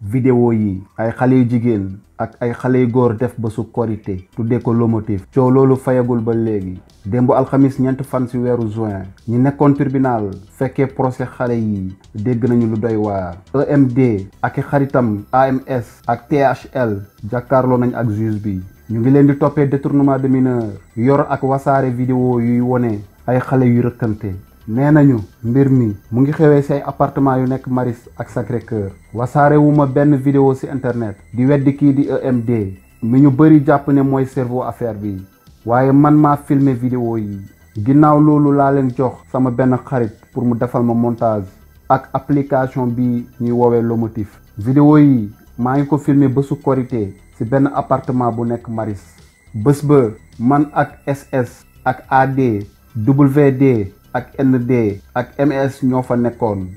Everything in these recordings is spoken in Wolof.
vidéo yi ay xale yu jigéen ak ay xale yu góor def ba su korité tuddee ko lomotif coow loolu fayagul ba léegi démb alxamis ñeent fan ci weeru join ñi nekkoon tribunal fekkee procès xale yi dégg nañu lu doy waa EMD ak i xaritam AMS ak THL jàkkaarloo nañ ak juge bi ñu ngi leen di toppee detournement de mineur yor ak wasaare vidéo yuy wone ay xale yu rëkkante nee nañu mbir mi mu ngi xewee say appartement yu nekk Maris ak Sacré Cœur wasaare ma benn vidéo ci internet di weddi kii di EMD mi ñu bëri jàpp ne mooy cerveau affaire bi waaye man maa filmer vidéo yi ginnaaw loolu laa leen jox sama benn xarit pour mu defal ma montage ak application bi ñuy woowee Lomotif vidéo yi maa ngi ko filmer bésu korité ci benn appartement bu nekk Maris bës ba man ak SS ak AD WD ak ND ak MS ñoo fa nekkoon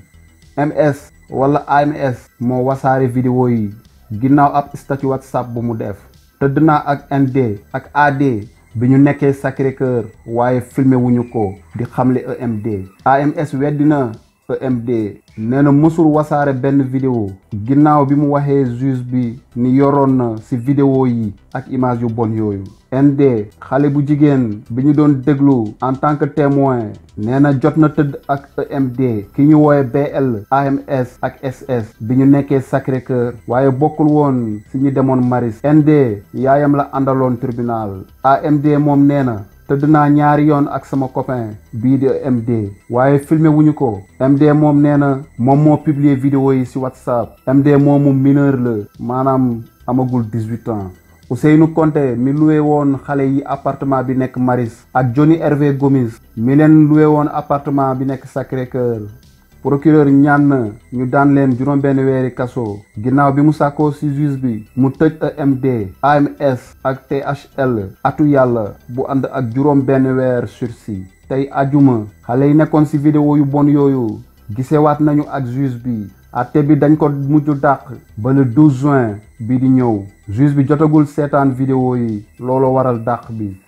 MS wala AMS moo wasaare vidéo yi ginnaaw ab statut WhatsApp bu mu def tëdd naa ak ND ak AD bi ñu nekkee sacré waaye filmé wuñu ko di xamle EMD AMS weddi PMD nee na mësul wasaare benn video ginnaaw bi mu waxee juge bi ni yoroon na ci vidéo yi ak image yu bon yooyu ND xale bu jigéen bi ñu doon déglu en tant que témoin nee na jot na tëdd ak EMD ki ñu woowe BL AMS ak SS bi ñu nekkee Sacré Cœur waaye bokkul woon ci ñu demoon Maris ND yaayam la àndaloon tribunal AMD moom nee na tëdd naa ñaari yoon ak sama copain bii di MD waaye filmé wuñu ko MD moom nee na moom moo publier vidéo yi ci WhatsApp MD moomu mineur la maanaam amagul 18 ans nu Konté mi loué woon xale yi appartement bi nekk Maris ak Johnny Hervé Gomis mi leen loué woon appartement bi nekk Sacré-Cœur procureur ñaan na ñu daan leen juróom-benn weeri kaso ginnaaw bi mu sàkkoo ci juge bi mu tëj EMD AMS ak THL atu yàlla bu ànd ak juróom-benn weer sursis tey ajuma xale yi nekkoon ci vidéo yu bon yooyu gisewaat nañu ak juge bi atte bi dañ ko mujj dàq ba le 12 juin bi di ñëw juge bi jotagul seetaan vidéo yi looloo waral dàq bi